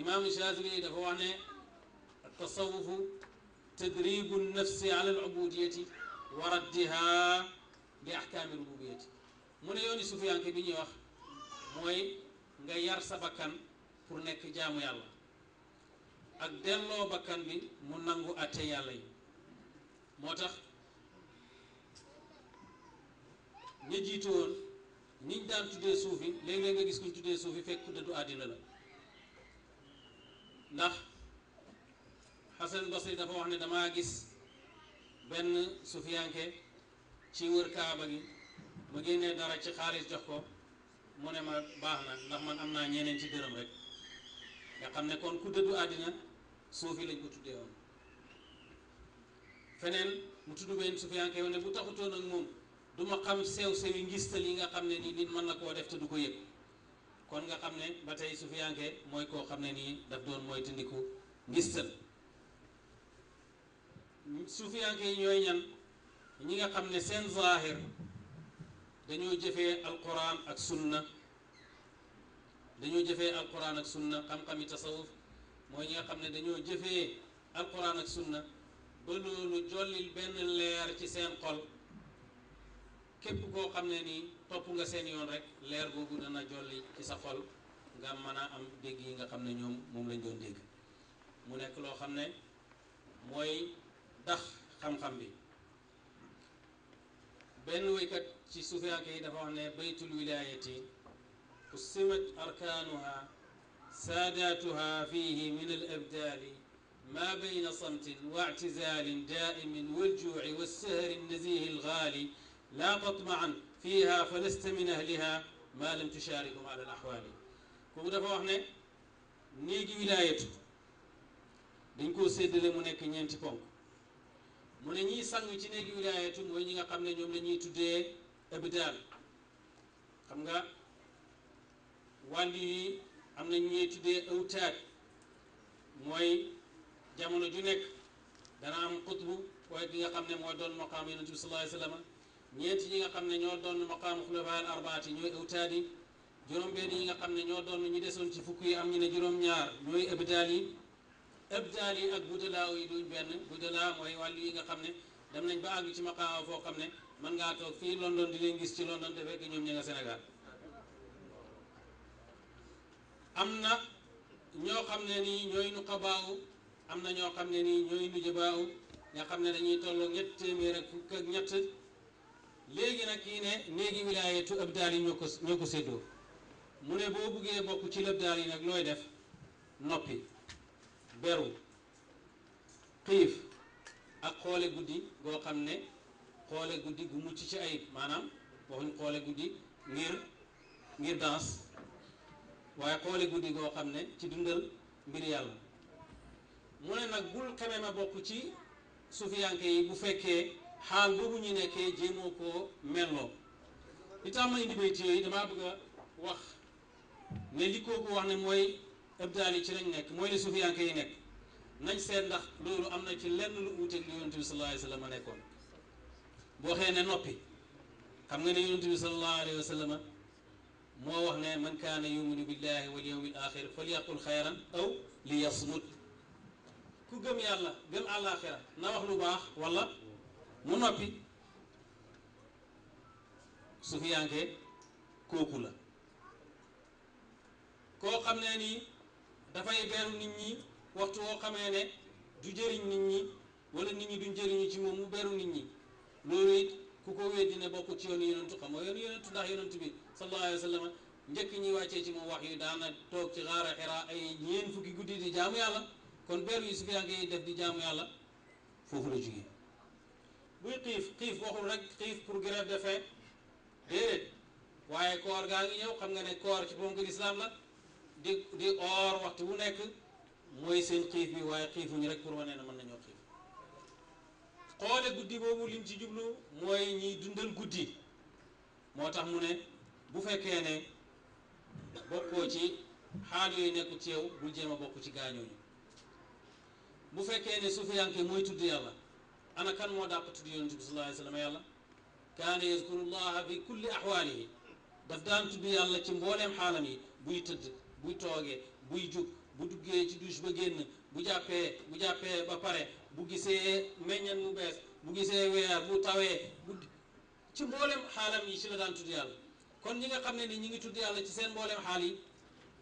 imaamu Shaafii dafa wax ne tasawufu tadribu nafsi ala alubudiyati wa raddiha bi ahkaami rububiyati mu ne yooni sufiyanke bi ñuy wax mooy nga yar sa bakkan pour nekk jaamu yàlla ak delloo bakkan bi mu nangu atte yàlla yi moo tax ña jiitu woon ñiñ daan tuddee suufi léeg-léeg nga gis kuñ tuddee suufi fekk dëddu àddina la ndax xasan basri dafa wax ne damaa gis benn sufiyanke ci wër kaaba gi ma génnee dara ci xaalis jox ko mu ne ma baax na ndax man am naa ñeneen ci dërëm rek nga xam ne kon ku dëddu àddina suufi lañ ko tuddee woon feneen mu tudd benn sufiyanke ne bu taxutoon nag moom du ma xam sew sewi ngistal yi nga xam ne ni nit mën na koo def te ko yëpp kon nga xam ne ba tey sufiyanke mooy koo xam ne nii daf doon mooy tindiku ngistal sufiyanke yi ñooy ñan ñi nga xam ne seen zaahir dañoo jëfee alquran ak sunna dañoo jëfee alquran ak sunna xam-xami tasawuf mooy ñi nga xam ne dañoo jëfee alquran ak sunna ba loolu jollil benn leer ci seen xol képp koo xam ne nii topp nga seen yoon rek leer googu dana jolli ci sa xol nga mën a am dégg yi nga xam ne ñoom moom lañ doon dégg mu nekk loo xam ne mooy dax xam-xam bi benn woykat ci sufiyaake yi dafa wax ne baytul wilayati qusimat arkaanuha saadaatuha fihi min al abdaali ما بين صمت واعتزال دائم والجوع والسهر النزيه الغالي لا مطمعا فيها فلست من أهلها ما لم تشاركهم على الأحوال كم دفعوا احنا نيجي ولاية دينكو سيد لمنك ينتي كون من ني سان ني نيجي ولاية موي نيغا خامل نيوم لا ني تودي ابدال خمغا والي امنا ني تودي اوتات موي جامونو جو نيك دا نام قطب واي نيغا خامل مو دون مقام النبي صلى الله عليه وسلم ñeenti ñi nga xam ne ñoo doon maqaamu xulafaa arbaati ñooy awtaad yi juróom-benn yi nga xam ne ñoo doon ñu desoon ci fukk yi am ñu ne juróom-ñaar ñooy abdaal yi abdaal yi ak budalaaw yi duñ benn budalaa mooy wàll yi nga xam ne dem nañ ba àgg ci maqaama foo xam ne mën ngaa fii London di leen gis ci London te fekk ñoom ña nga am na ñoo xam ne nii ñooy nuqabaaw am na ñoo xam ne nii ñooy nujabaaw nga xam ne dañuy tolloo ñett téeméer ak ñett leegi nag ine neegi wilaye to ëbdaali ñoko séddo mu ne boo buggee bokk ci lëbdaali nag nooy def noppi beru xiif ak xoole guddi goo xam ne xoole guddi gu mucc ci ayib maanaam waxuñ xoole guddi ngir ngir danse waaye xoole guddi goo xam ne ci dundal mbir yàlla mu ne nag bul keme ma bokk ci sufiyanke yi bu fekkee haal boobu ñu nekkee jéemoo koo melloo li tax ma indi bayt yooyu damaa bëgg a wax ne li kooku wax ne mooy abdaal yi ci lañ nekk mooy ne suufiyanke yi nekk nañ seet ndax loolu am na ci lenn lu uuteeg li yonent bi sallallahu alayhi wa sallam nekkoon boo xee ne noppi xam nga ne yonent bi sallallahu alayhi wa sallam moo wax ne man kaana yuminu billahi wal yawmil axir falyaqul xayran aw liyasmut ku gëm yàlla gëm àllaaxira na wax lu baax wala mu noppi sufiyanke kooku la koo xam ne nii dafay beeru nit ñi waxtu woo xamee ne du jëriñ nit ñi wala nit ñi duñ jëriñu ci moom mu beeru nit ñi loolu it ku ko weddi ne bokk ci yoonu yonentu xam nga yoonu yonentu ndax yonentu bi sallallahu njëkk ñuy wàccee ci moom wax yu daana toog ci xaara xira ay ñeen fukki guddi di jaamu yàlla kon beeru yi sufiyanke yi def di jaamu yàlla foofu la jógee buy xiif xiif waxul rek xiif pour grève defe déedéet waaye koor gaa ngi ñëw xam nga ne koor ci bonk lislaam la di di oor waxtu bu nekk mooy seen xiif bi waaye xiifuñu rek pour wane ne mën nañoo xiif xoole guddi boobu lim ci jublu mooy ñiy dundal guddi moo tax mu ne bu fekkee ne bokkoo ci xaal yooyu nekku ci yow bul jéem a bokk ci gaañooñu bu fekkee ne suufiyanke mooy tudd yàlla ana moo dàq tudd yonent bi sallallahu alayhi wa sallam yàlla kaana yazkurullaha fi kulli axwaalihi daf daan tudd yàlla ci mbooleem xaalam yi buy tëdd buy toogee buy jug bu duggee ci douche ba génn bu jàppee bu jàppee ba pare bu gisee meññan mu bees bu gisee weer bu tawee bu ci mbooleem xaalam yi ci la daan tudd yàlla kon ñi nga xam ne ni ñi ngi tudd yàlla ci seen mbooleem xaal yi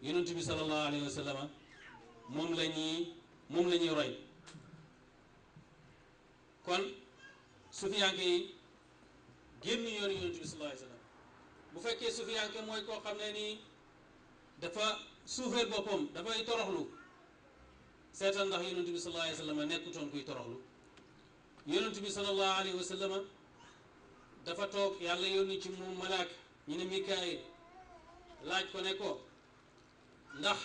yonent bi sallallahu alayhi wa moom la moom la ñuy roy kon sufiyanke yi génn yoonu yonent bi sallallahu alayhi bu fekkee sufiyanke mooy koo xam ne nii dafa suufeel boppam dafay toroxlu seetal ndax yonent bi sallallahu alayhi wasallam nekkutoon kuy toroxlu yonent bi sallallahu alayhi wasallam dafa toog yàlla yónni ci moom malaak ñu ne Mikaayil laaj ko ne ko ndax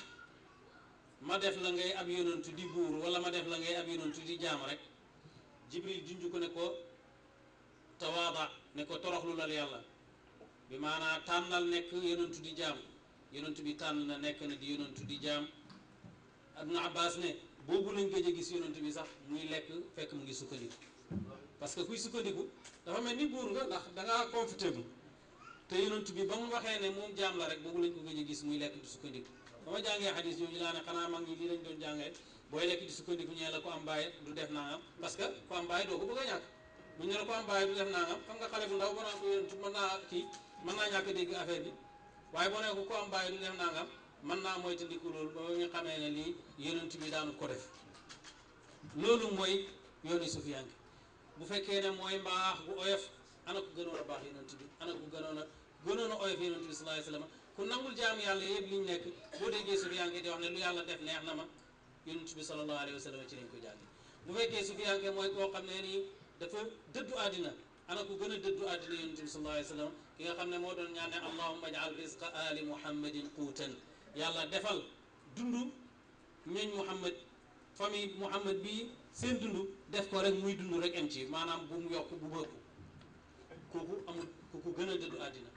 ma def la ngay ab yonent di buur wala ma def la ngay ab yonent di jaam rek jibril junj ko ne ko tawaada ne ko toroxlu lal yàlla bi maanaa tànnal nekk yonentu di jaam yonentu bi tànn na nekk na di yonentu di jaam ibnu abbas ne boobu lañ gëj a gis yonentu bi sax muy lekk fekk mu ngi sukkandiku parce que kuy sukkandiku dafa mel ni buur nga ndax dangaa confortable te yonentu bi ba mu waxee ne moom jaam la rek boobu lañ ko gëj a gis muy lekk du sukkandiku ba ma jàngee xadis yooyu laa ne xanaa mag ñi lii lañ doon jàngee woy lekk di sukkandiku ñu ne la ko def nangam parce que ko am bàyyi la ko am bàyyi du def naa xam nga xale bu ndaw mën naa mën naa kii mën naa dégg affaire bi waaye boo nee ko ko am bàyyi du def nangam mën naa moytandiku loolu ba ñu xamee ne lii yonent bi daanu ko def loolu mooy yoonu sufiyanke bu fekkee ne mooy mbaax bu oyof ana ko gënoon a baax yonent bi ana ko gënoon a gënoon a oyof yonent bi sallallahu alayhi wa ku nangul jaamu yàlla yëpp liñ nekk boo déggee su sufiyanke de wax ne lu yàlla def neex na ma yonent bi sallallahu alayhi wa sallam ci lañ ko jàng bu fekkee sufiyanke mooy koo xam ne nii dafa dëddu àddina ana ku gën a dëddu àddina yonent bi ki nga xam ne moo doon ñaan ne allahumma jaal risqa ali muhammadin quutan yàlla defal dund ñooñ muhammad famille muhammad bi seen dund def ko rek muy dund rek am ci maanaam bu mu bu kooku amul ku ko gën a dëddu àddina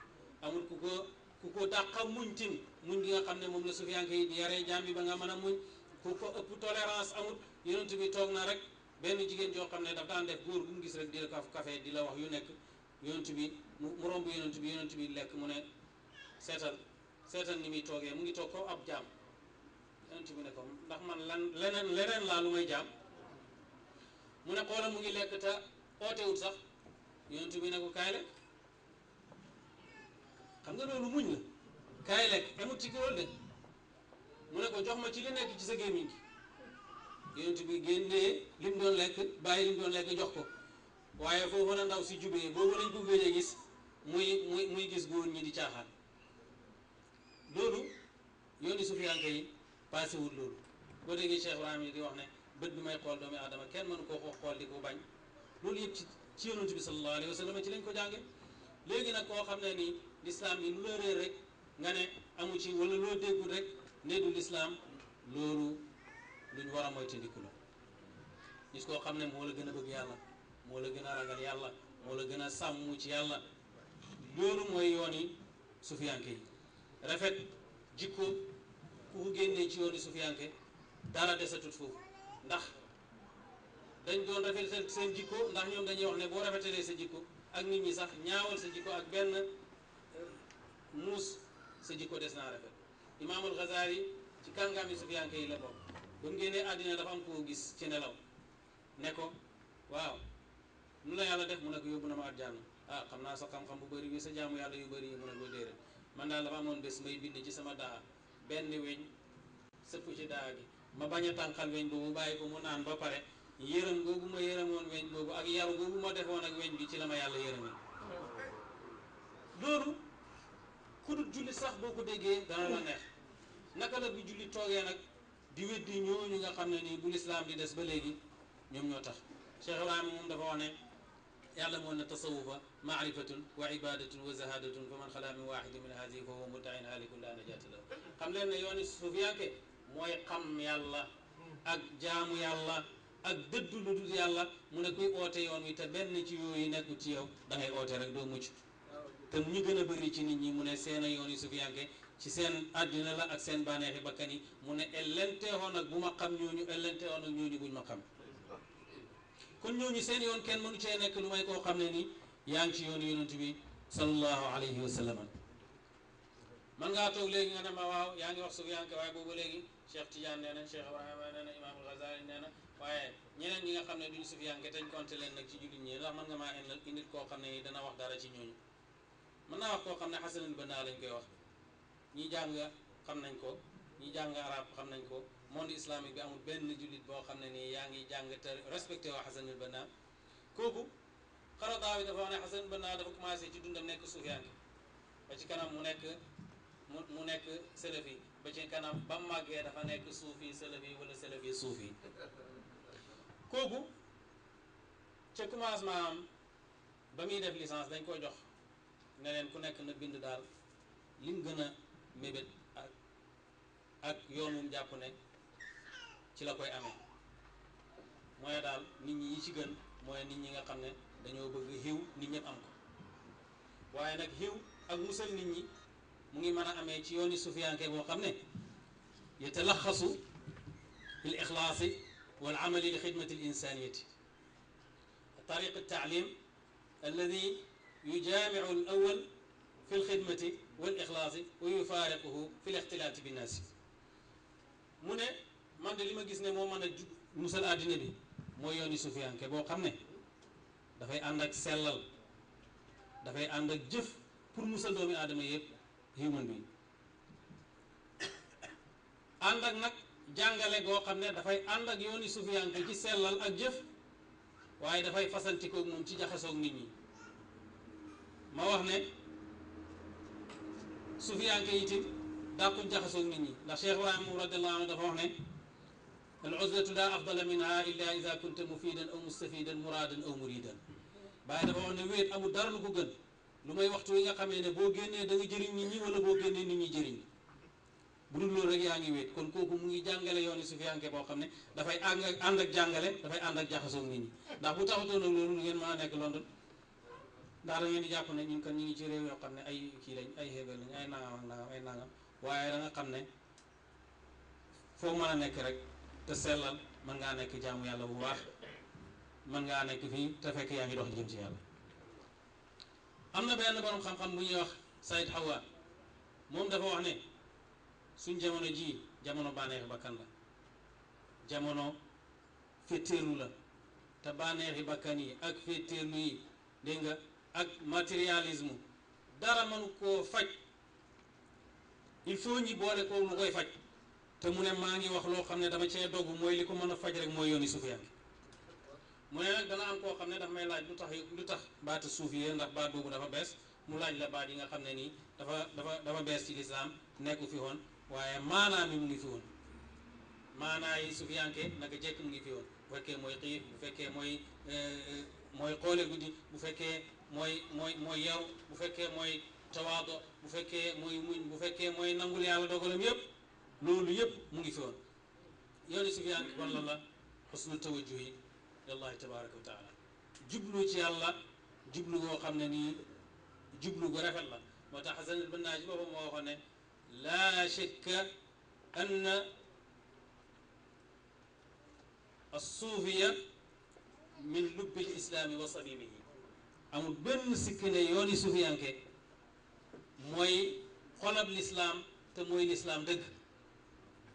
amul ku ko ku ko dàqa muñ tin muñ gi nga xam ne moom la sufiyanke yi yaree jaam bi ba nga mën a muñ ku ko ëpp tolérance amul yonent bi toog naa rek benn jigéen joo xam ne daf daan def góor bu mu gis rek di la kaf café di la wax yu nekk yonent bi mu romb yonent bi yonent bi lekk mu ne seetal seetal ni muy toogee mu ngi toog ko ab jaam yonent bi ne ndax man lan leneen leneen lu may jaam mu ne xoola mu ngi lekk te ootewul sax yonent bi ne ko kaay lekk xam nga loolu muñ la kaay lekk amut ci loolu de jox ma ci li nekk ci sa gémmiñ gi yonent bi génnee lim doon lekk bàyyi lim doon lekk jox ko waaye foofu la ndaw si jubee boobu lañ ko gëj gis muy muy gis góor ñi di caaxaan loolu su sufiyanke yi passé wul loolu boo déggee Cheikh Ibrahim yi di wax ne bët bi may xool doomu aadama kenn mënu koo xool di ko bañ loolu yëpp ci ci yonent bi sallallahu alayhi ci lañ ko jànge léegi nag koo xam ne nii lislaam bi lu la réer rek nga ne amu ci wala loo déggul néegu lislaam loolu luñ war a moytandiku la gis koo xam ne moo la gën a bëgg yàlla moo la gën a ragal yàlla moo la gën a sàmm ci yàlla loolu mooy yooni sufiyanke yi rafet jikko ku ko génnee ci yooni sufiyanke dara desatut foofu ndax dañ doon rafetal seen jikko ndax ñoom dañuy wax ne boo rafetalee sa jikko ak nit ñi sax ñaawal sa jikko ak benn euh, muus sa jikko des naa rafet imaamul Xasaali ci kàngaami sufiyanke yi la bokk ba mu génnee àddina dafa am koo gis ci nelaw ne ko waaw nu la yàlla def mun ne yóbbu na ma àjjana ah xam naa sa xam-xam bu bari bi sa jaamu yàlla yu bari yi mu ne ko déedéet man daal dafa amoon bés may bind ci sama daa benn weñ sëpp ci daa bi ma bañ a tànqal weñ boobu bàyyi ko mu naan ba pare yërëm googu ma yërëmoon weñ boobu ak yaru googu ma defoon ak weñ bi ci la ma yàlla yërëme loolu ku dul julli sax boo ko déggee dana la neex naka la bi julli toogee nag di weddi ñooñu nga xam ne nii bu lislaam di des ba léegi ñoom ñoo tax Cheikh Ibrahima moom dafa wax ne yàlla moo ne tasawufa maarifatun wa ibadatun wa zahadatun fa man xalaa min waaxidi min haadihi fa huwa muddain haalikun laa najaata la xam leen ne yooni sufiyanke mooy xam yàlla ak jaamu yàlla ak dëddu lu dul yàlla mu ne kuy oote yoon wi te benn ci yooyu nekkul ci yow da ngay oote rek doo mucc te ñu gën a bëri ci nit ñi mu ne seen a yoon yi su fi ci seen àddina la ak seen bànneexi ba yi mu ne ellenteexoon ak bu ma xam ñooñu ellenteexoon ak ñooñu buñ ma xam kon ñooñu seen yoon kenn mënu cee nekk lu may koo xam ne nii yaa ngi ci yoonu yonent bi sallallahu alayhi wa sallam man ngaa toog léegi nga ne ma waaw yaa ngi wax sufiyanke waaye boobu léegi Cheikh Tidiane nee na Cheikh Ibrahima nee na Imaamul Ghazali nee na waaye ñeneen ñi nga xam ne duñ sufiyanke teñ compté leen nag ci jullit ñi ndax mën nga maa indil koo xam ne dana wax dara ci ñooñu mën naa wax koo xam ne xasanul naa lañ koy wax ñi jàng xam nañ ko ñi jàng arab xam nañ ko monde islamique bi amul benn jullit boo xam ne nii yaa ngi jàng te respecté woo xasanul naa kooku xaradaawi dafa wax ne xasanul naa dafa commencé ci dundam nekk sufiyaan ba ci kanam mu nekk mu mu nekk salafi ba ci kanam ba màggee dafa nekk suufi salafi wala salafi suufi kooku ca commencement am ba muy def licence dañ koo jox ne leen ku nekk na bind daal li mu gën a mébét ak ak yoon wu mu jàpp ne ci la koy amee mooy daal nit ñi yi ci gën mooy nit ñi nga xam ne dañoo bëgg xiw nit ñëpp am ko waaye nag xiw ak musal nit ñi mu ngi mën a amee ci yooni sufiyanke boo xam ne yatalaxasu bil ixlaasi wal amali li xidmati al insaniyati tariq al taalim alladi يجامع الأول في الخدمة والإخلاص ويفارقه في الاختلاط بالناس mu ne man de li ma gis ne moo mën a jub musal àddina bi mooy yooni sufiyanke boo xam ne dafay ànd ak sellal dafay ànd ak jëf pour musal doomi aadama yëpp human bi ànd ak nag jàngale goo xam ne dafay ànd ak yooni sufiyanke ci sellal ak jëf waaye dafay fasantikoo moom ci jaxasoog nit ñi ma wax ne sufiyanke itam dàqu jaxasoog nit ñi ndax cheikh ibrahim radiallahu anhu dafa wax ne العزلة لا أفضل منها إلا إذا كنت مفيدا أو مستفيدا مرادا أو مريدا باي دا واخني ويت امو دار لوكو گën lumay waxtu yi nga xamé ne bo génné da nga jëriñ nit ñi wala bo génné nit ñi jëriñ bu dul lool rek yaangi wét kon koku mu ngi jàngalé yoonu sufiyanké bo xamné da fay and ak jàngalé da fay and ak jaxaso nit ñi ndax bu taxato nak loolu ngeen mëna nek london ndax da ngeen di jàpp ne ñun kon ñu ngi ci réew xam ne ay kii lañ ay xéebal lañ ay nangam ak nangam ay nangam waaye da xam ne foo mën a nekk rek te sellal mën ngaa nekk jaamu yàlla bu baax mën ngaa nekk fii te fekk yaa ngi dox jëm ci yàlla am na benn borom xam-xam bu ñuy wax Saïd Hawa moom dafa wax ne suñ jamono ji jamono bànneex bakkan la jamono féetéerlu la te bànneexi bakkan yi ak féetéerlu yi dégg ak matérialisme dara mënu koo faj il faut ñi boole ko lu koy faj te mu ne maa ngi wax loo xam ne dama cee dogg mooy li ko mën a faj rek mooy yooni sufiyaan mu ne nag dana am koo xam ne dafa may laaj lu tax lu tax baatu suufiyee ndax baat boobu dafa bees mu laaj la baat yi nga xam ne nii dafa dafa dafa bees ci lislaam nekku fi woon waaye maanaa mi mu ngi fi woon maanaa yi sufiyanke naka jekk mu ngi fi woon bu fekkee mooy xiif bu fekkee mooy mooy xoole guddi bu fekkee mooy mooy mooy yaru bu fekkee mooy tawaado bu fekkee mooy muñ bu fekkee mooy nangul yàlla dogalam yëpp loolu yëpp mu ngi fi woon yoonu sufiyaan wan la la xusnu tawajjuh yi lillahi tabaraka wa taala jublu ci yàlla jublu goo xam ne nii jublu gu rafet la moo tax xasan al banna ji boppam moo waxoon ne laa shakka anna الصوفية من لب الإسلام وصميمه amul ben sikine yoni yooni moy xolab l'islam te moy l'islam deug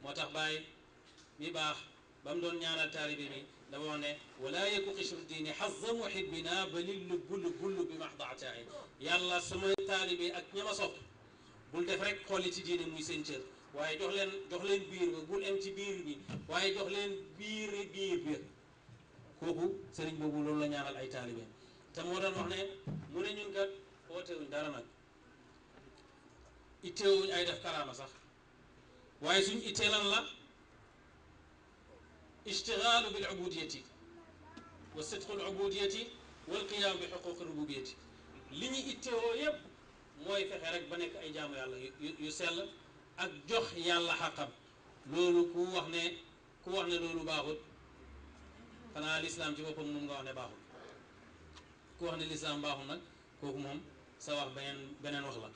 motax bay mi bax bam don ñaanal talibi bi dafa woné wala walaa yeku xisru diini xazza muhibbina bali lu bull bull bi max daataay yàlla sama talibi ak ñama sopp bul def rek xolli ci diine muy seen cër waaye jox len jox len biir ba bul em ci biir bi waye jox len biir biir bi kooku serigne bobu lolou la ñaanal ay talibi تمورا نحن مونا نيون كات اوتو دارا نك ايتيو اي داف كلام صح واي سون ايتي لان لا اشتغال بالعبوديه وصدق العبوديه والقيام بحقوق الربوبيه لي ايتيو ييب موي فخي رك با نيك اي جامو يالله يو سيل اك جوخ يالله حقم لولو كو واخني كو واخني لولو باخوت فانا الاسلام جي بوبم مونغا واخني باخوت ku wax ne lislaam baaxul nag kooku moom sa wax beneen beneen wax la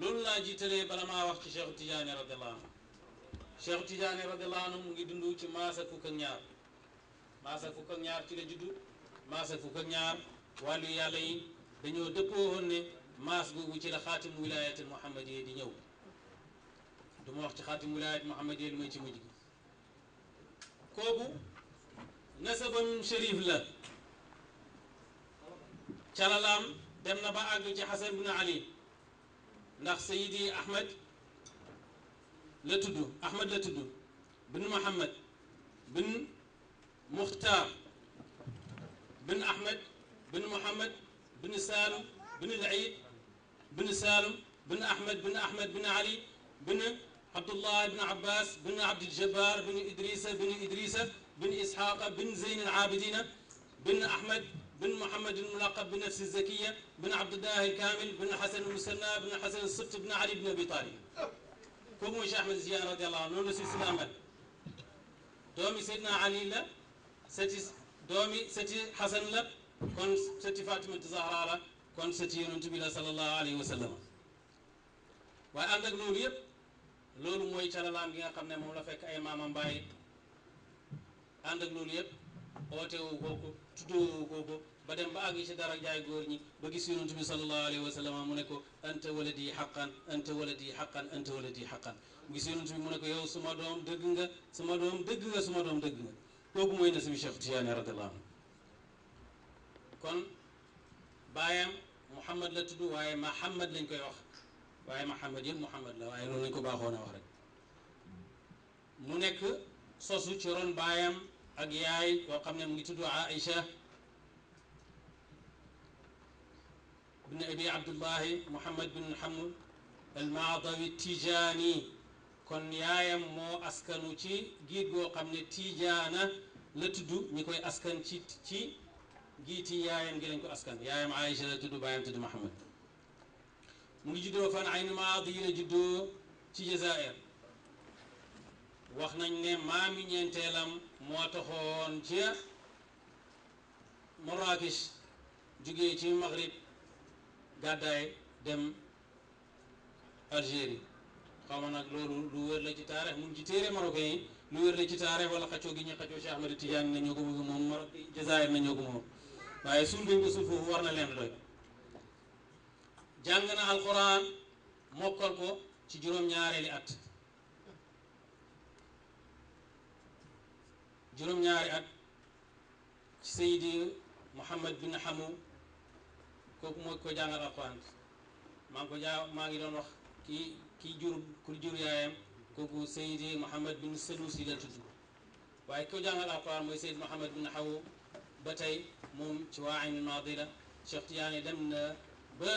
loolu laa jiitalee bala maa wax ci Cheikh Tidiane radiallahu anhu Cheikh Tidiane radiallahu anhu mu ngi dund ci maasa fukk ak ñaar maasa fukk ak ñaar ci la juddu maasa fukk ak ñaar wàllu yàlla yi dañoo dëppoo woon ne maas googu ci la xaatim wilaayatil muhammadiyya di ñëw du ma wax ci xaatim wilaayat muhammadiyya li may ci mujj gi kooku nasabam sharif la تلالام دمنا با اغلتي حسن بن علي ناخ سيدي احمد لا احمد لا بن محمد بن مختار بن احمد بن محمد بن سالم بن العيد بن سالم بن احمد بن احمد بن علي بن عبد الله بن عباس بن عبد الجبار بن ادريس بن ادريس بن اسحاق بن زين العابدين بن احمد بن محمد الملقب بنفس الزكية بن عبد الله الكامل بن الحسن المسنى بن الحسن الصبت بن علي بن أبي طالب كومو وش أحمد زيان رضي الله عنه نسي سلامة دومي سيدنا علي لا ستي دومي ستي حسن لا كون ستي فاطمة الزهراء لا كون ستي يونت بلا صلى الله عليه وسلم وأنا أقول يب loolu موي calalaam gi nga xam ne moom la fekk باي maamam bàyyi ànd اوتي loolu tuddoo ko ko ba dem ba àgg ci dara jaay góor ñi ba gis yonent bi sallallahu alayhi wa sallam mu ne ko anta waladi xaqan anta waladi xaqan anta waladi xaqan mu gis yonent bi mu ne ko yow suma doom dëgg nga suma doom dëgg nga suma doom dëgg nga kooku mooy na suñu Cheikh Tijaani radiyallahu anhu kon baayam Muhammad la tudd waaye Mahamad lañ koy wax waaye Mahamad yëpp Muhammad la waaye loolu lañ ko baaxoon a wax rek mu nekk sosu ci ron baayam ak yaay yoo xam ne mu ngi tudd Aïcha bin abi abdullahi muhammad bin hamd almaadawi tijaani kon yaayam moo askanu ci giit goo xam ne tijaana la tudd ñi koy askan ci ci giiti yaayam gi lañ ko askan yaayam Aïcha la tudd baayam tudd muhammad mu ngi juddoo fan aynu maadi la juddoo ci Jazaa'ir wax nañ ne maami ñeenteelam moo taxoon ca Marrakech jugee ci Maghrib gàddaay dem Algérie xaw ma nag loolu lu wér la ci taarix mun ci téere marocain yi lu wér la ci taarix wala xaccoo gi ñu xaccoo Cheikh Ahmed Tidiane na ñoo ko moom Maroc na ñoo moom waaye suul bi ñu ko suul war na leen doy jàng na alquran mokkal ko ci juróom-ñaareeli at juróom-ñaari at ci Seydi Mouhammad bin Hamu kooku mooy ko jàngal alquran maa ngi ko jaa maa ngi doon wax kii kii jur ku jur yaayam kooku Seydi Mouhammad bin Sadusi la tudd waaye ko jàngal alquran mooy Seydi Mouhammad bin Hawu ba tey moom ci waa Ayni Naadira Cheikh Tidiane dem na ba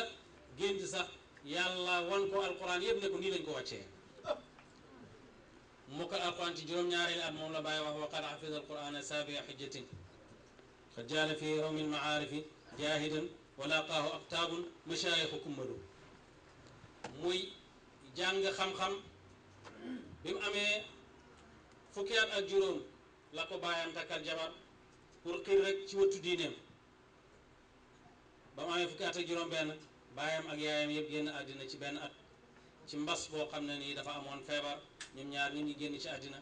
gént sax yàlla wan ko alquran yëpp ne ko nii lañ ko wàccee مك أقوان تجرم نار الأمون لبايا وهو قد حفظ القرآن سابع حجة خجال في يوم المعارف جاهد ولاقاه أقتاب مشايخ كملو موي جانغ خم خم بيم أمي فكيان أجرم لقو بايا انتك الجبر ورقير رك شوت دينم بام أمي فكيان أجرم بيان بايا أجيام يبين أدنى تبين أدنى ci mbas boo xam ne nii dafa amoon feebar ñoom ñaar ñi ngi génn ci àddina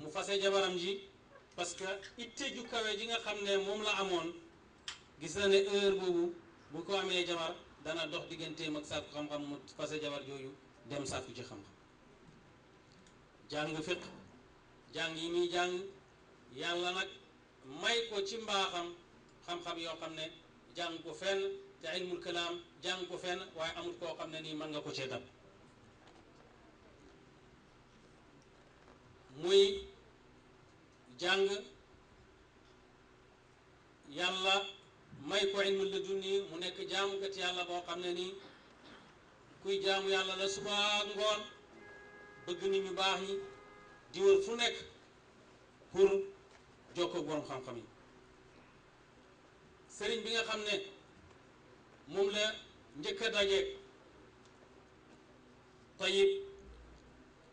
mu fase jabaram ji parce que itte ju kawe ji nga xam ne moom la amoon gis na ne heure boobu bu ko amee jabar dana dox digganteem ak sàkku xam-xam mu fase jabar jooju dem sàkku ci xam-xam jàng fiq jàng yi muy jàng yàlla nag may ko ci mbaaxam xam-xam yoo xam ne jàng ko fenn te ilmul kalaam jàng ko fenn waaye amul koo xam ne nii mën nga ko cee muy jàng yàlla may ko ilmu ladunni mu nekk jaamukat yàlla boo xam ne nii kuy jaamu yàlla la suba ngoon bëgg nit ñu baax ñi di fu nekk pour jokkoo borom xam-xam yi sëriñ bi nga xam ne moom la njëkk a dajeeg Tayib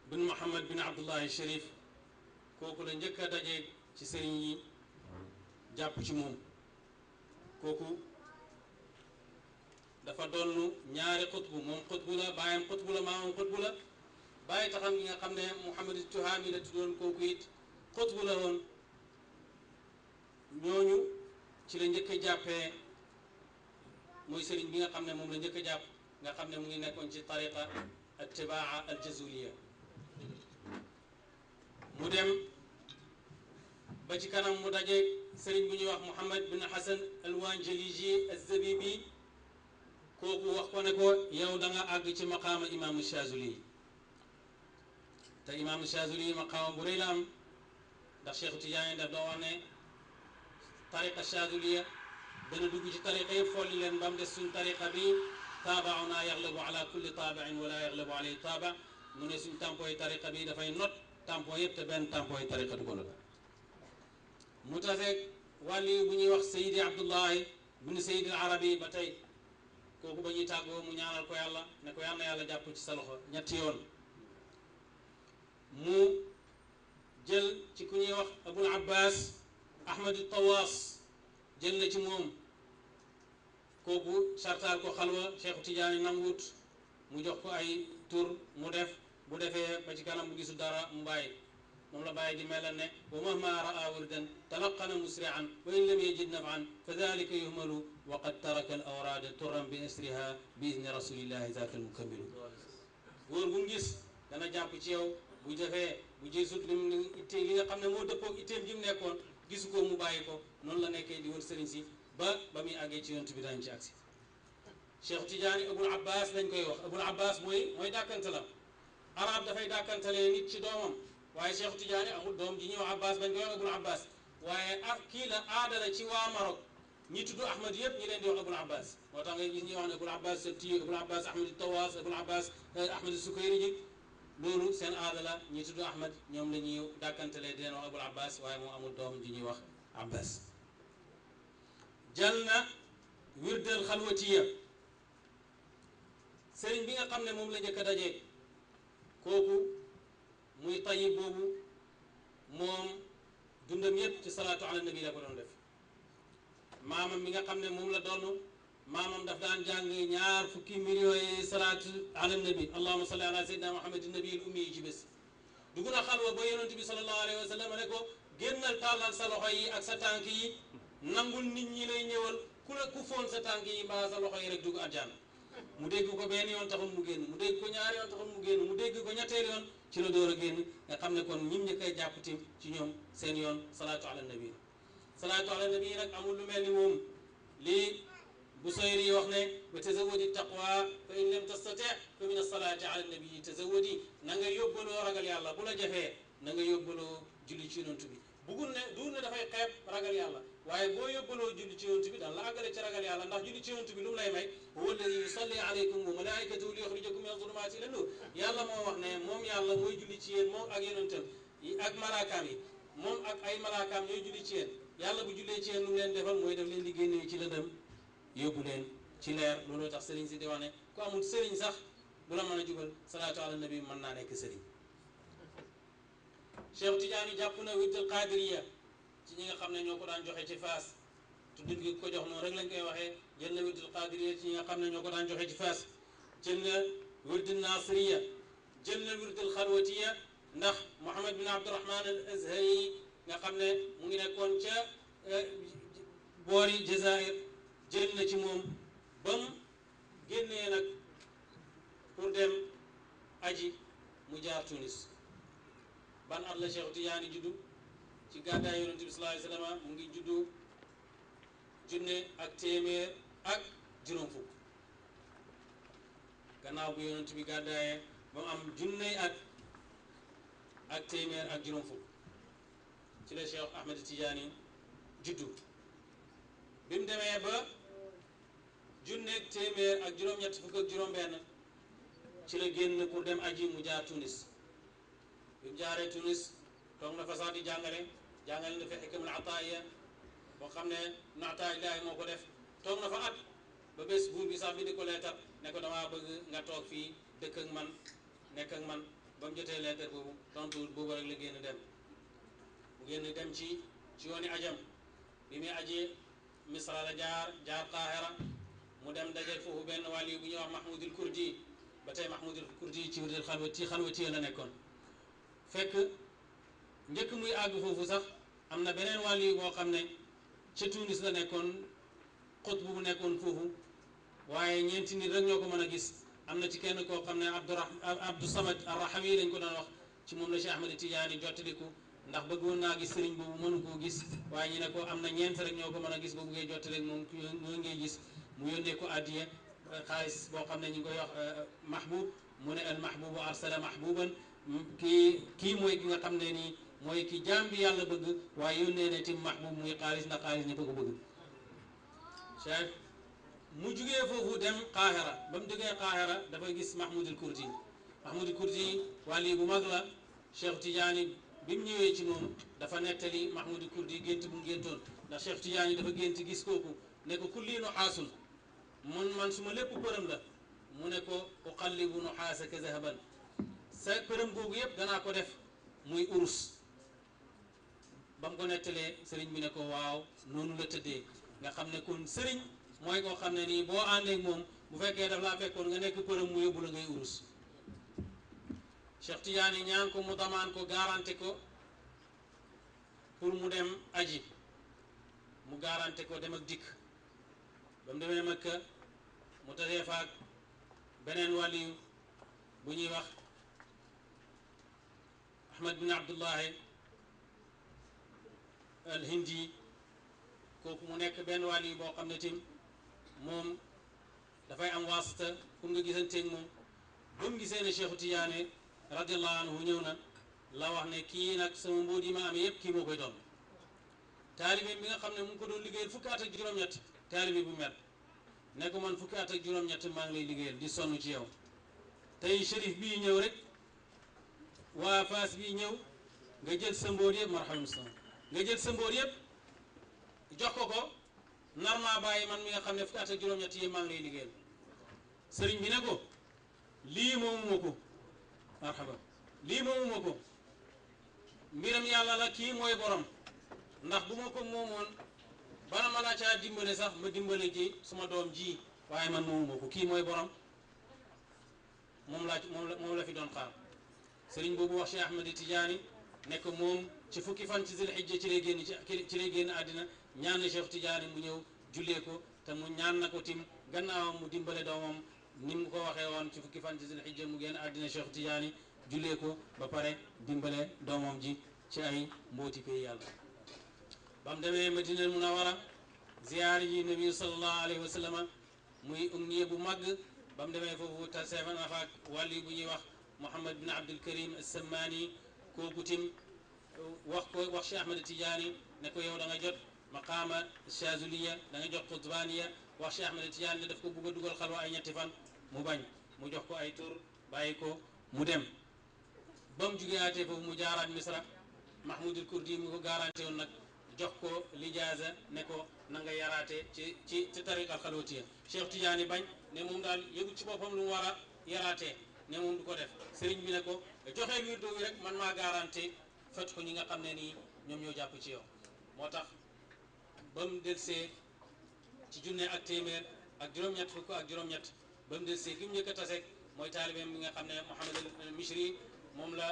bin Muhammad bin Abdullahi Cherif kooku la njëkk a ci sëriñ jàpp ci moom kooku dafa doon ñaari xutbu moom xutbu la bàyyam xutbu la maamam xutbu la bàyyi taxam gi nga xam ne Muhammad Tuhaami la tuddoon kooku it xutbu la woon ñooñu ci la njëkk a jàppee. mooy sëriñ bi nga xam ne moom la njëkk a jàpp nga xam ne mu ngi nekkoon ci tariqa attibaa aljazuliya mu dem ba ci kanam mu daje sëriñ bu ñuy wax Muhammad bin Hasan alwanjaliji alzabibi kooku wax ko ne ko yow da nga àgg ci maqaama imaamu Shazuli te imaamu Shazuli maqaama bu rëy la am ndax Cheikh Tidiane daf doon wax ne tariqa Shazuliya دنا دوجي طريقه فولي لين بام دي سون طريقه بي تابعنا يغلب على كل طابع ولا يغلب عليه طابع من سون تامبوي طريقه بي دا فاي نوت تامبوي يبت بن تامبوي طريقه دغول لا متاتك والي بو ني واخ سيدي عبد الله بن سيد العربي باتاي كوكو با ني تاغو مو نيانال كو يالا نكو يالا يالا جابو سي سالوخ نيات يون مو جيل سي كوني واخ ابو العباس احمد الطواس jël nga ci moom kooku sartaal ko xalwa Cheikhu Tidiane nanguwut mu jox ko ay tur mu def bu defee ba ci kanam bu gisul dara mu bàyyi moom la bàyyi di melal ne wa mahma raa wirdan talaqana musrian wa in lam yajid nafan fa dalika yuhmalu wa qad taraka al awraada turan bi asriha bi idni rasulillahi zaaka almukamilu góor bu gis dana jàpp ci yow bu defee bu gisut lim itte li nga xam ne moo dëppoog itteem ji mu nekkoon gisu ko mu bàyyi ko noonu la nekkee di wër sëriñ si ba ba muy àggee ci yontu bi daañu ci agsi cheikh tijaani abul abbas lañ koy wax abul abbas mooy mooy dàkkante la arab dafay dàkkantalee nit ci doomam waaye cheikh tijaani amul doom ji ñëw abbas bañ koy wax abul abbas ak kii la aada ci waa Maroc ñi tudd ahmad yëpp ñi leen di wax abul abbas moo tax nga gis ñuy wax ne abul abbas sa tiyi abul abbas ahmad tawaas abul abbas eh, ahmad sukayri ji loolu seen aada ñi tudd ahmad ñoom la ñuy dàkkantalee di leen wax abul abbas waaye moom amul doom ji ñuy wax abbas jël na wirdal xalwatiya sëriñ bi nga xam ne moom la njëkk daje kooku muy tayib boobu moom dundam yépp ci salaatu ala nabi la ko doon def maamam mi nga xam ne moom la doon maamam daf daan jàng ñaar fukki millions yi salaatu ala nabi allahuma salli ala sayyidina muhammadin nabiyil ummi yi ci bés na xalwa ba yonent bi sallallahu alayhi sa loxo yi ak sa tànk yi nangul nit ñi lay ñëwal ku la ku foon sa tànk yi mbaa sa loxo yi rek dugg àjjana mu dégg ko benn yoon taxul mu génn mu dégg ko ñaari yoon taxul mu génn mu dégg ko ñetteel yoon ci la door a génn nga xam ne kon ñim ñi koy jàppati ci ñoom seen yoon salaatu ala nabi salaatu ala nabi nag amul lu mel ni moom lii Busayri wax ne wa tazawadi taqwa fa in lam tastati fa min asalaati ala nabi tazawadi na nga yóbbaloo ragal yàlla bu la jafee na nga yóbbaloo julli ci yonent bi bugul ne duur ne dafay xeeb ragal yàlla waaye boo yóbbaloo julli ci yonent bi daan la àggale ci ragal yàlla ndax julli ci yonent bi lu mu lay may huwa alladi yusalli aleykum wa malaikatuhu li yuxrijakum min azulumaati ila nuur yàlla moo wax ne moom yàlla mooy julli ci yéen moom ak yonentam ak malaakaam yi moom ak ay malaakaam ñooy julli ci yéen yàlla bu jullee ci yéen lu mu leen defal mooy def leen di génne ci lëndëm yóbbu leen ci leer looloo tax sëriñ si di wax ne ku amul sëriñ sax du mën a jubal salaatu ala nabi mën naa nekk sëriñ Cheikh Tidiane jàpp na wirdul qaadiriya ci ñi nga xam ne ñoo ko daan joxe ci faas tuddin gi ko jox noonu rek lañ koy waxee jël na wirdul qadiriya ci ñi nga xam ne ñoo ko daan joxe ci faas jël na wirdul nasiriya jël na wirdul xalwatiya ndax Mouhamed bin Abdurahman al Azhari nga xam ne mu ngi nekkoon ca boori Jazair jël na ci moom ba mu génnee nag pour dem aji mu jaar Tunis ban at la Cheikh Tidiane juddu ci gàddaay yonent bi sallallahu alayhi mu ngi juddu junne ak téeméer ak juróom fukk gannaaw bu yonent bi gàddaayee ba am junne ak téeméer ak juróom fukk ci la Cheikh Ahmed Tidiane juddu bi mu demee ba junne ak téeméer ak juróom-ñett fukk ak juróom-benn ci la génn pour dem aji mu jaar Tunis bi mu jaaree Tunis toog na fa sax jàngal na fi xikam al ataaya boo xam ne naataay laay moo ko def toog na fa at ba bés buur bi sax bi di ko leetar ne ko damaa bëgg nga toog fii dëkk ak man nekk ak man ba mu jotee leetar boobu tontuwul boobu rek la génn dem mu génn dem ci ci yooni ajam bi muy ajee misra la jaar jaar qahira mu dem dajee foofu benn wàll bu ñuy wax mahmudul kurdi ba tey mahmudul kurdi ci wér xanwa ci xanwa téye la nekkoon fekk njëkk muy àgg foofu sax am na beneen wàlli boo xam ne ca Tunis la nekkoon xutbu bu nekkoon foofu waaye ñeenti nit rek ñoo ko mën a gis am na ci kenn koo xam ne Abdourah Abdou Samad Arrahami lañ ko doon wax ci moom la ci Cheikh Ahmed Tidiane jottaliku ndax bëggoon naa gis sëriñ boobu mënu koo gis waaye ñu ne ko am na ñeent rek ñoo ko mën a gis boobu ngay jottali moom ñoo ngay gis mu yónnee ko addiya xaalis boo xam ne ñu ngi koy wax eh, mahbub mu ne al mahbubu arsala mahbuban kii kii ki nga xam ne nii mooy ki jaam bi yàlla bëgg waaye yónnee na tim mahbub muy xaalis ndax xaalis ñëpp ko bëgg cheikh mu jugee foofu dem Qahira ba mu jógee Qahira dafa gis mahmudul kurdi mahmudul kurdi wàlli bu mag la cheikh Tidiane bi mu ñëwee ci moom dafa nettali mahmudul kurdi gént bu mu géntoon ndax cheikh Tidiane dafa gént gis kooku ne ko kulli nu xaasul mun man suma lépp përëm la mu ne ko uqallibu nu xaasaka zahaban sa përëm googu yëpp danaa ko def muy urus mu ko nettalee sëriñ bi ne ko waaw noonu la tëddee nga xam ne kon sëriñ mooy koo xam ne nii boo àndeek moom bu fekkee daf laa fekkoon nga nekk përëm mu yóbbu la ngay urus Cheikh Tidiane ñaan ko mu damaan ko garanti ko pour mu dem aji mu garanti ko dem ak dikk ba mu demee Makka mu tasee faak beneen wàlliyu bu ñuy wax Ahmad bin Abdullahi alhindi kooku mu nekk benn wàll yi boo xam ne tim moom dafay am waasita pour nga gisanteeg moom ba mu gisee ne Cheikhu Tidiane radiallahu anhu ñëw na la wax ne kii nag sama mbóot yi ma amee yëpp kii moo koy doon taalibeem bi nga xam ne mu ngi ko doon liggéeyal fukki at ak juróom-ñett taalibe bu mel ne ko man fukki at ak juróom-ñett maa ngi lay liggéeyal di sonn ci yow tey shérif bii ñëw rek waa Fass bii ñëw nga jël sa mbóot yëpp marxamum nga jël sa mbóor yëpp jox ko ko nar maa bàyyi man mi nga xam ne fukki at ak juróom-ñett yi maa ngi lay liggéeyal sëriñ bi ne ko lii moomuma ko marhaba lii moomuma ko mbiram yàlla la kii mooy borom ndax bu ma ko moomoon bala ma laa caa ji suma doom ji waaye man moomuma ko mooy borom moom laa moom la fi doon xaar sëriñ boobu wax Cheikh Ahmed Tidiane ne ko moom ci fukki fan ci zil xijja ci lay génn ci lay génn àddina ñaan na Cheikh Tidiane mu ñëw jullee ko te mu ñaan na ko tim gannaawam mu dimbale doomam ni mu ko waxee woon ci fukki fan ci zil xijja mu génn àddina Cheikh Tidiane jullee ko ba pare dimbale doomam ji ci ay mbooti pay yàlla ba mu demee Madina Munawara ziyaar yi nabi sallallahu alayhi wa sallam muy umniye bu màgg ba mu demee foofu taseefan afaak wàll yi bu ñuy wax Mouhamad bin Abdul Karim Assamani kooku tim wax ko wax Cheikh Ahmed Tidiane ne ko yow da nga jot maqaama Chazuliya da nga jot Qutbaniya wax Cheikh Ahmed Tidiane ne daf ko bugg a dugal xalwa ay ñetti fan mu bañ mu jox ko ay tur bàyyi ko mu dem ba mu jugeyaatee foofu mu jaaraat Misra Mahmoudul Kurdi mu ko garanté woon nag jox ko lijaasa ne ko na nga yaraate ci ci ci tariqa alxalwatiya Cheikh Tidiane bañ ne moom daal yëgu ci boppam lu mu war a ne moom du ko def sëriñ bi ne ko joxe wirdo wi faj ko ñi nga xam ne nii ñoom ñoo jàpp ci yow moo tax ba mu ci junne ak téeméer ak juróom-ñett fukk ak juróom-ñett ba mu gi mu njëkk a taseeg mooy taalibeem bi nga xam ne Mouhamed al Mishri moom la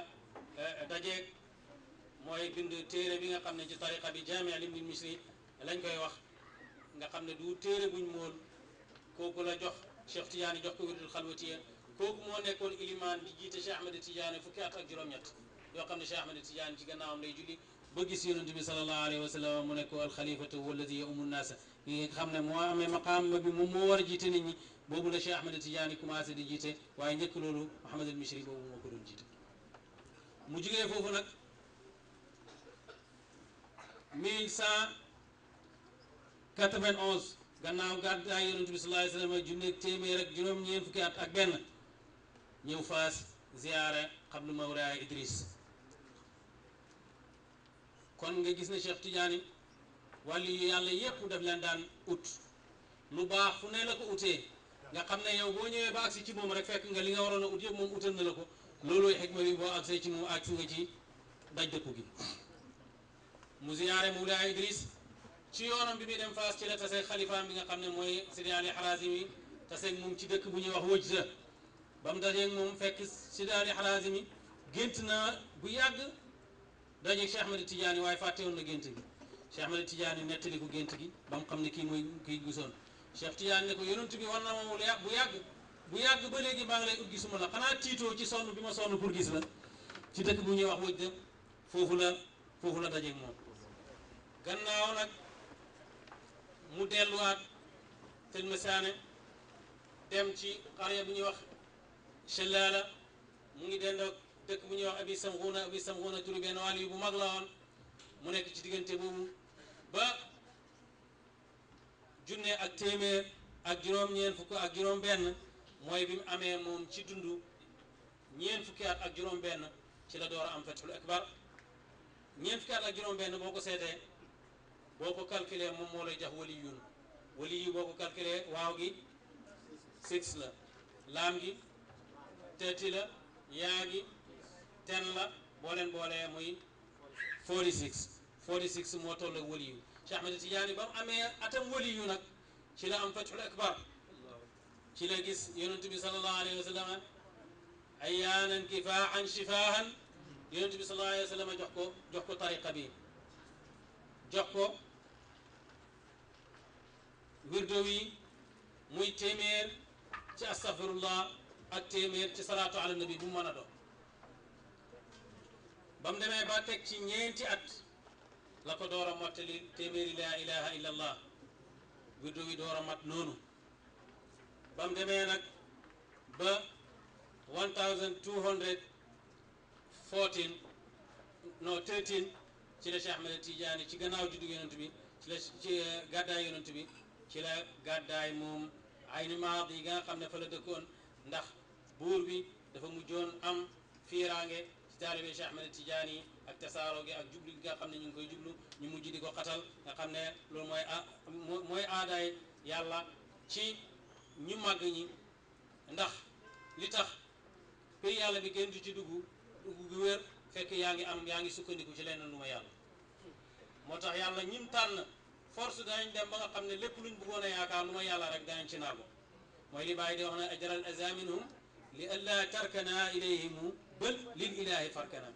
eh, dajeeg mooy bind téere bi nga xam ne ci tariqa bi jaami al ibn Mishri lañ koy wax nga xam ne du téere buñ mool kooku la jox Cheikh Tidiane jox ko wirdul xalwatiya kooku moo nekkoon ilimaan di jiite Cheikh Ahmed Tidiane fukki at ak juróom-ñett yoo xam ne Cheikh Ahmed Tidiane ci gannaawam lay julli ba gis yonent bi sallallahu alayhi wa sallam mu ne ko alxalifatu walladi yaumu naasa yi nga xam ne moo amee maqaam bi moom moo war a jiite nit ñi boobu la Cheikh Ahmed Tidiane commencé di jiite waaye njëkk loolu Mouhamed al Mishri boobu moo ko doon mu jugee foofu nag 1191 gannaaw gàddaay yonent bi sallallahu alayhi wa sallam junneeg téeméer ak juróom-ñeent fukki at ak benn ñëw faas ziyaara xablu mawlaa Idris kon nga gis ne Cheikh Tidiane wàllu yu yàlla yépp daf leen daan ut lu baax fu ne la ko utee nga xam ne yow boo ñëwee ba agsi ci moom rek fekk nga li nga waroon a ut yëpp moom utal na la ko loolooy xikma bi boo agsee ci moom agsi nga ci daj dëkku gi mu ziyaare Mawlana Idris ci yoonam bi muy dem Faas ci la bi nga xam ne mooy Sidi Ali Harazimi taseeg moom ci dëkk bu ñuy wax wëj sa ba mu dajeeg moom fekk Sidi Ali Harazimi gént na bu yàgg dajeeg Cheikh Ahmed Tidiane waaye fàttewoon na gént gi Cheikh Ahmed Tidiane nettali ko gént gi ba mu xam ne kii mooy kii gisoon Cheikh Tidiane ne ko yonent bi war na moom bu yàgg bu yàgg ba léegi maa ngi lay ut gisuma la xanaa tiitoo ci sonn bi ma sonn pour gis la ci dëkk bu ñuy wax wëj dëkk foofu la foofu la dajeeg moom gannaaw nag mu delluwaat ma telmesaane dem ci xarya bu ñuy wax la mu ngi dend ak dëkk bu ñuy wax abi samxuuna abi samxuuna turu benn wàll yu bu mag la woon mu nekk ci diggante boobu ba junne ak téeméer ak juróom-ñeent mooy bi mu amee moom ci dund ñeent fukki at ak juróom-benn ci la door a am fatul akbar ñeent fukki at ak juróom-benn boo ko seetee boo ko calculé moom moo lay jox wali yun wali yi boo ko calculé waaw gi six la laam gi tëti la yaa gi ten la boo leen boolee muy 46 46 mo toll ak waliyu Cheikh Ahmed Tidiane bam amé amee atam waliyu nak ci la am fathul akbar ci la gis yonent bi sallallahu alayhi wasallam sallam kifahan shifahan shifaaxan bi sallallahu alayhi wasallam jox ko jox ko tariqa bi jox ko wirdo wi muy témèr ci astaghfirullah ak témèr ci salatu ala nabi bu mu do ba mu demee ba teg ci ñeenti at la ko door a mottali téeméeri laa ilaha illa allah wirdu wi door a mat noonu ba mu demee nag ba 1214 non ci la Cheikh Ahmed Tidiane ci gannaaw juddu yonent bi ci la ci eh, gàddaay yonent bi ci la gàddaay moom ay nimaat yi nga xam ne fa la dëkkoon ndax buur bi dafa mujjoon am fiiraange ci taalibe Cheikh Ahmed Tidiane yi ak tasaaroo gi ak jublu gi nga xam ne ñu ngi koy jublu ñu mujj di ko xatal nga xam ne loolu mooy a mooy aadaay yàlla ci ñu màgg ñi ndax li tax pays yàlla bi kenn du ci dugg dugg bu wér fekk yaa ngi am yaa ngi sukkandiku ci leneen lu ma yàlla moo tax yàlla ñim tànn force danañ dem ba nga xam ne lépp luñ bëggoon a yaakaar lu ma yàlla rek danañ ci naagu mooy li bàyyi di wax ne ajral azaminhum li alla tarkana ilayhimu bal lil ilaahi farkanam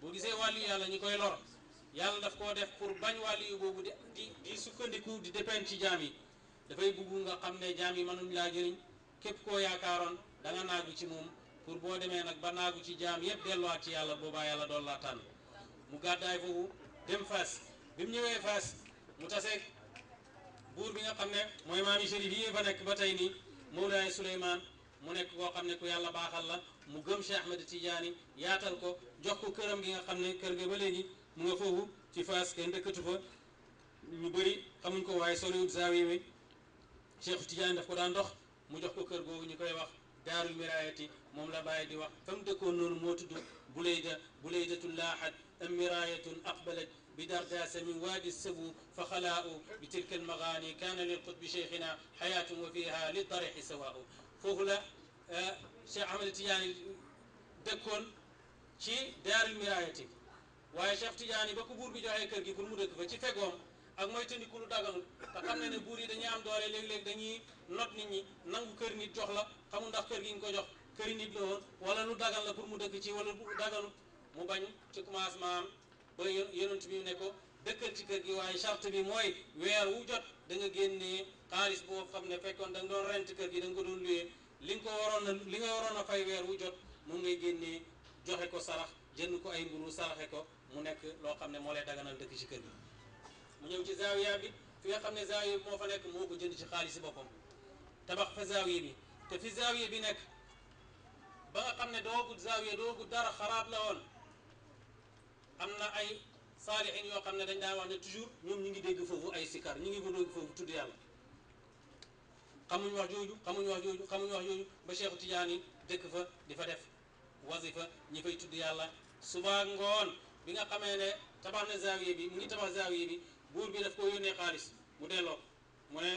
boo gisee wàllu yàlla ñu koy lor yàlla daf koo def pour bañ wàllu yu boobu di di sukkandiku di dépend ci jaam yi dafay bugg nga xam ne jaam yi man mënuñ laa jëriñ képp koo yaakaaroon da nga naagu ci moom pour boo demee nag ba naagu ci jaam yëpp delluwaat ci yàlla boobaa yàlla doon laa tànn mu gàddaay foofu dem Faas bi mu ñëwee Faas mu taseeg buur bi nga xam ne mooy maami chérif yi fa nekk ba tey nii Mawlaay Suleymaan mu nekk koo xam ne ku yàlla baaxal la mu gëm Cheikh Ahmed Tidiane yaatal ko jox ko këram gi nga xam ne kër ga ba léegi mu nga foofu ci Fass kenn dëkkatu fa ñu bëri xamuñ ko waaye soriwut zaawiya bi Cheikh Tidiane daf ko daan dox mu jox ko kër googu ñu koy wax daarul miraayati moom la bàyyi di wax fa mu dëkkoon noonu moo tudd bulayda bulaydatul laaxat am miraayatun aqbalat بدرداس من وادي السبو فخلاء بتلك المغاني كان للقطب شيخنا حياة وفيها للطريح سواء فهلا Cheikh Ahmed Tidiane dëkkoon ci daarul wilaayati waaye Cheikh Tidiane ba ko buur bi joxee kër gi pour mu dëkk fa ci fegoom ak mooy tëndi ku lu daganul te xam ne ne buur yi dañuy am doole léeg-léeg dañuy not nit ñi nangu kër nit jox la xamul ndax kër gi nga ko jox këri nit la woon wala lu dagan la pour mu dëkk ci wala lu daganul mu bañ ci commencement am ba yonent bi ne ko dëkkal ci kër gi waaye charte bi mooy weer wu jot da nga génnee xaalis boo xam ne fekkoon da nga doon rent da nga ko doon luyee li nga ko waroon na li nga waroon a fay weer wu jot moom ngay génnee joxe ko sarax jënd ko ay mburu saraxe ko mu nekk loo xam ne moo lay daganal dëkk ci kër gi mu ñëw ci zaawiya bi fi nga xam ne zaawiya bi moo fa nekk moo ko jënd ci xaalis boppam tabax fa zaawiya bi te fi zaawiya bi nekk ba nga xam ne doogu zaawiya doogu dara xaraab la woon am na ay saalihin yoo xam ne dañ daan wax ne toujours ñoom ñu ngi dégg foofu ay sikar ñu ngi ko dégg foofu tudd xamuñ wax jooju xamuñ wax jooju xamuñ wax jooju ba Cheikh Tidiane dëkk fa di fa def wazifa ñi fay tudd yàlla suba ngoon bi nga xamee ne tabax na zaawiye bi mu ngi tabax zaawiye bi buur bi daf koo yónnee xaalis mu delloo mu ne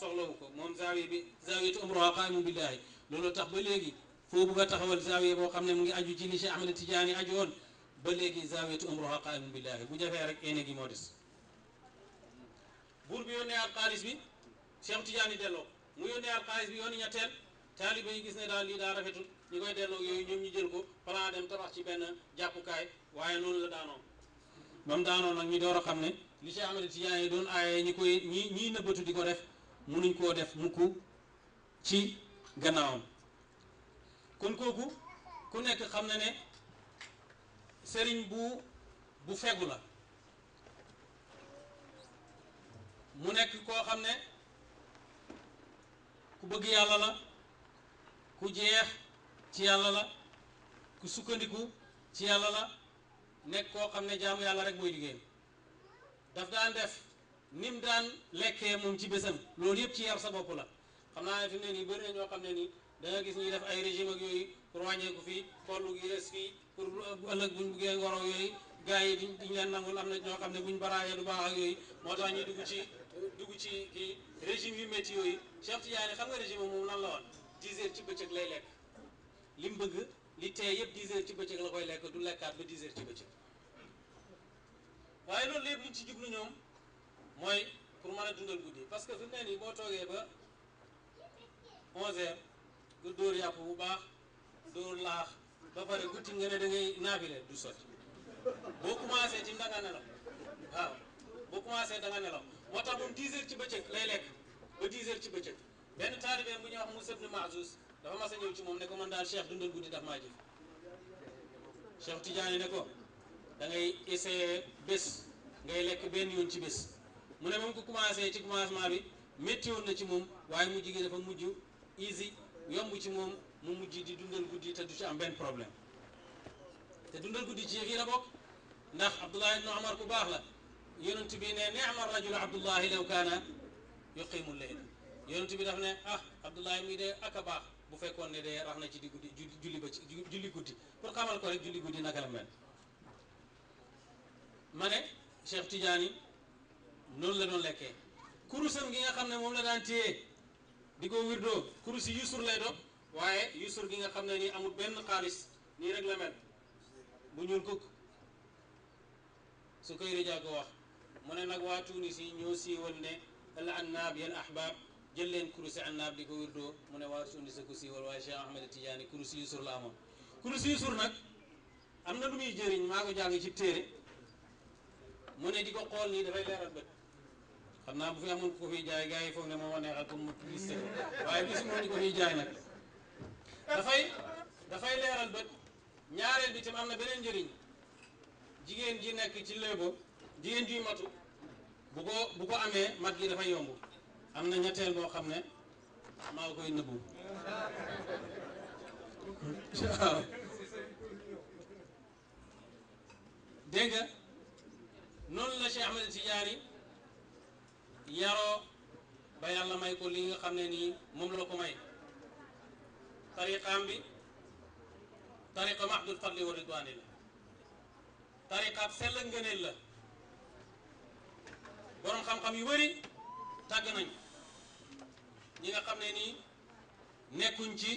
soxlawu ko moom zaawiye bi zaawiyatu umruha qaa'imun billaahi loolu tax ba léegi foo bëgg a taxawal zaawiye boo xam ne mu ngi aju ci li Cheikh Ahmed Tidiane aju woon ba léegi zaawiyatu umruha qaa'imun billaahi bu jafee rek ene gi moo des buur bi yónnee ak xaalis bi Cheikh Tidiane delloo mu yónnee at xaalis bi yoonu ñetteel taaliba yi gis ne daal lii daa rafetul ñu koy delloo yooyu ñoom ñu jël ko plan dem tabax ci benn jàppukaay waaye noonu la daanoo ba mu daanoo nag ñu door a xam ne li ci Ahmad Tijaan yi doon aaye ñi koy ñi ñiy nëbbatu di ko def mu munuñ koo def mu mukk ci gannaawam kon kooku ku nekk xam na ne sëriñ bu bu fegu la mu nekk koo xam ne ku bëgg yàlla la ku jeex ci yàlla la ku sukkandiku ci yàlla la nekk koo xam ne jaamu yàlla rek mooy liggéeyam daf daan def nim daan lekkee moom ci bésam loolu yëpp ci yar sa bopp la xam naa ne fi mu nii bëri na ñoo xam ne nii da nga gis ñuy def ay régime ak yooyu pour wàññeeku fii kollu gi des fii pour ëllëg buñ buggee ngoro yooyu gaa yi duñ leen nangul am na ñoo xam ne buñ baraaje du baax yooyu moo tax ñuy dugg ci dugg ci kii régime yu métti yooyu Cheikh Tidiane xam nga régime moom nan la woon 10 heures ci bëccëg lay lekk li mu bëgg li tee yëpp 10 heures ci bëccëg la koy lekk du lekkaat ba 10 heures ci bëccëg waaye loolu lépp liñ ci jublu ñoom mooy pour mën a dundal guddi parce que fi ne nii boo toogee ba 11 heures nga yàpp bu baax dóor laax ba pare guddi nga ne da ngay naafile du sotti boo commencé tim nelaw waaw boo commencé da nga nelaw moo tax moom 10 ci bëccëg lay lekk ba 10 ci bëccëg benn taalibe bu ñuy wax Moussa ibn Mahzous dafa mas a ñëw ci moom ne ko man daal cheikh dundal guddi daf maa jëf cheikh Tidiane ne ko da ngay essayer bés ngay lekk benn yoon ci mu ne moom ko commencé ci commencement bi métti na ci moom waaye mu gi dafa mujj easy yomb ci moom mu mujj di dundal guddi te du ci am benn problème te dundal guddi ci yëf yi la bokk ndax Abdullah ibn Omar ku baax la yonent bi ne neama rajulu abdullahi law kaana yuqimu leyla yonent bi daf ne ah abdullahi mii de ak a baax bu fekkoon ne de rax na ci di guddi julli ba ci julli guddi pour xamal ko rek julli guddi naka la mel ma ne Cheikh Tidiane noonu la doon lekkee kurusam gi nga xam ne moom la daan téye di ko wirdoo kurus yi yusur lay doon waaye yusur gi nga xam ne ni amul benn xaalis nii rek la mel bu ñuul kukk su koy rëjaa ko wax mu ne nag waa si yi ñoo siiwal ne al annaab yal ahbaab jël leen kurusi annaab di ko wirdoo mu ne waa Tunis a ko siiwal waaye Cheikh Ahmed Tidiane kurusi yu sur la amoon kurusi yu nag am na lu muy jëriñ maa ko jàng ci téere mu ne di ko xool nii dafay leeral bët xam naa bu fi amoon ko fiy jaay gars yi ne moo ma neexal comme mu gis waaye gisuma ñu ko fiy jaay nag dafay dafay leeral bët ñaareel bi tam am na beneen njëriñ jigéen ji nekk jigéen juy matu bu ko bu ko amee mat gi dafa yomb am na ñetteel boo xam ne maa koy nëbbu waaw dégg nga noonu la Cheikh Ahmed Tidiane yaroo ba yàlla may ko li nga xam ne nii moom la ko may tariqaam bi tariqa mahdul fadli wa ridwaani la tariqaab sell ngëneel la borom xam-xam yu bari tag nañ ñi nga xam ne ni nekkuñ ci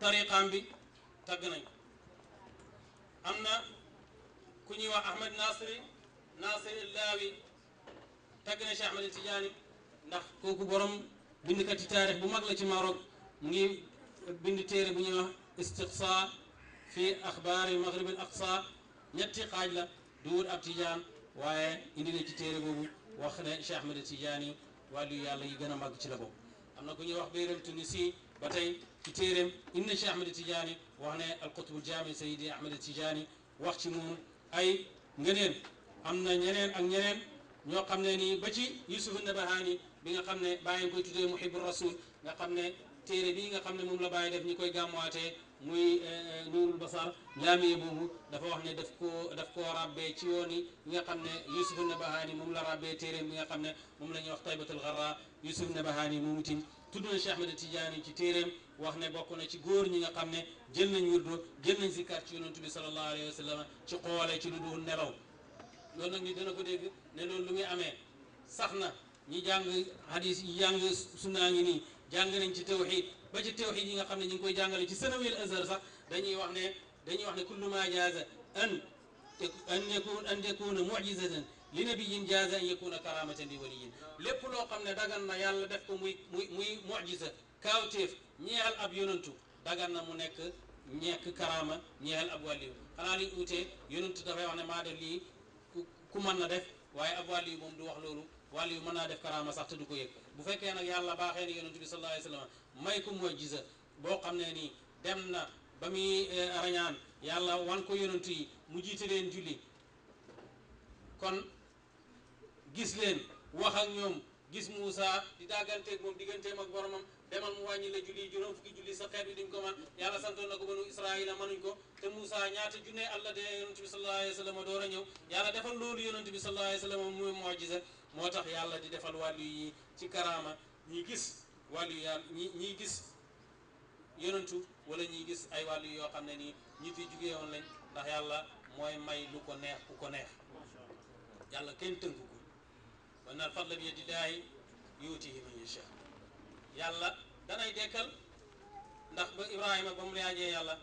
tariqaam bi tag nañ am na ku ñuy wax Ahmed Nasri Nasri illawi tag na Cheikh Ahmed Tidiane ndax kooku borom bindkat yi taarix bu mag la ci Maroc mu ngi bind téere bu ñuy wax istiqsa fi axbaari maghrib al aqsa ñetti xaaj la du wut ab Tidiane waaye indi na ci téere boobu wax ne Cheikh Ahmed Tidiane wàllu yàlla yi gën a màgg ci la boobu am na ku ñuy wax Bayram Tunisi ba tey ci téeréem inna Cheikh Ahmed Tidiane wax ne alqutbul jaami Seydi Ahmed Tidiane wax ci moom ay ngëneel am na ñeneen ak ñeneen ñoo xam ne nii ba ci Yusuf Nabahani bi nga xam ne bàyyi koy tuddee muhibu rasul nga xam ne téere bii nga xam ne moom la bàyyi def ñi koy gàmmuwaatee muy eh, eh, nuurul basar laamee boobu dafa wax ne def koo daf koo rabbee ci yoon yi nga xam ne yusuf nabahaani moom la rabbee téere mi nga xam ne moom la ñuy wax taybatul garra yusuf nabahaani moomu tim tudd na Cheikh Ahmed Tidiane ci téeréem wax ne bokk na ci góor ñi nga xam ne jël nañ wirdo jël nañ si zikkar ci yonentu bi sallallahu alayhi wa sallam ci xoole ci lu dul nelaw loolu nag ñu dana ko dégg ne loolu lu muy amee sax na ñi jàng hadis yi jàng sunnaa ngi nii jàng nañ ci tawxid ba ci tawxiid yi nga xam ne ñu ngi koy jàngale ci sanawil azhar sax dañuy wax ne dañuy wax ne kullu ma jaaza an an yakun an yakuna mujizatan li nabiyin jaaza an yakuna karamatan li waliyin lépp loo xam ne dagan na yàlla def ko muy muy muy mujisa kaawteef ñeexal ab yonantu dagan na mu nekk ñekk karaama ñeexal ab wàlliyu xanaa liñ uutee yonantu dafay wax ne maa def lii ku mën na def waaye ab wàlliyu moom du wax loolu wàlliyu mën naa def karaama sax te du ko yëg bu fekkee nag yàlla baaxee ne yonantu bi sallallahu alayhi wa sallam may ko mujjiza boo xam ne nii dem na ba muy eh, rañaan yàlla wan ko yonantu yi mu jiite leen julli kon gis leen wax ak ñoom gis Moussa di dàgganteeg moom digganteem ak boromam demal mu wàññi la julli juróom fukki julli sa xeet bi duñ ko man yàlla santoon na ko banu Israaïla manuñ ko te Moussa ñaata junne allah de yonent bi sallallahu alayhi wa sallam door a ñëw yàlla defal loolu yonent bi sallallahu alayhi wa sallam mu mujjiza moo tax yàlla di defal wàllu yi ci karaama ñi gis walu yàlla ñi gis yonentu wala ñi gis ay walu yo xamne ni ñi fi jugge won lañ ndax yàlla moy may lu ko neex ku ko neex yàlla kenn tënku ko wa innal bi yadillaahi yutihi man yashaa yàlla da nay dekkal ndax ba Ibrahima bam mu yàlla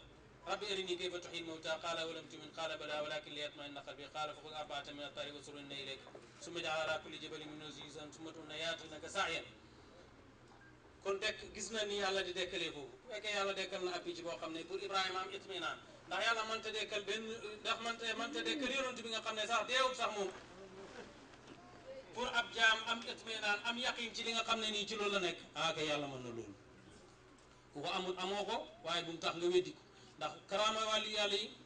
rabbi arinii kayfa tuhil tuhyil mawtaa qaala awalam tu'min qaala balaa walaakin liyatma'inna qalbi qala faqud arba'atan min at tariq wasurhunna ilayk summa ij'al alaa kulli jabalin minhunna juz'an summa ud'uhunna ya'tuunaka sa'yan kon dekk gis na ni yàlla di dekkalee foofu bu fekkee yàlla dekkal na ab picc boo xam ne pour Ibrahima am itminaan ndax yàlla mënta dekkal benn ndax mënta mënta dekkal yonent bi nga xam ne sax deewut sax moom pour ab jaam am itminaan am yaqin ci li nga xam ne nii ci loolu la nekk ah kay yàlla mën na loolu ku ko amul amoo ko waaye bu mu tax nga weddi ko ndax karaama wàllu yàlla yi.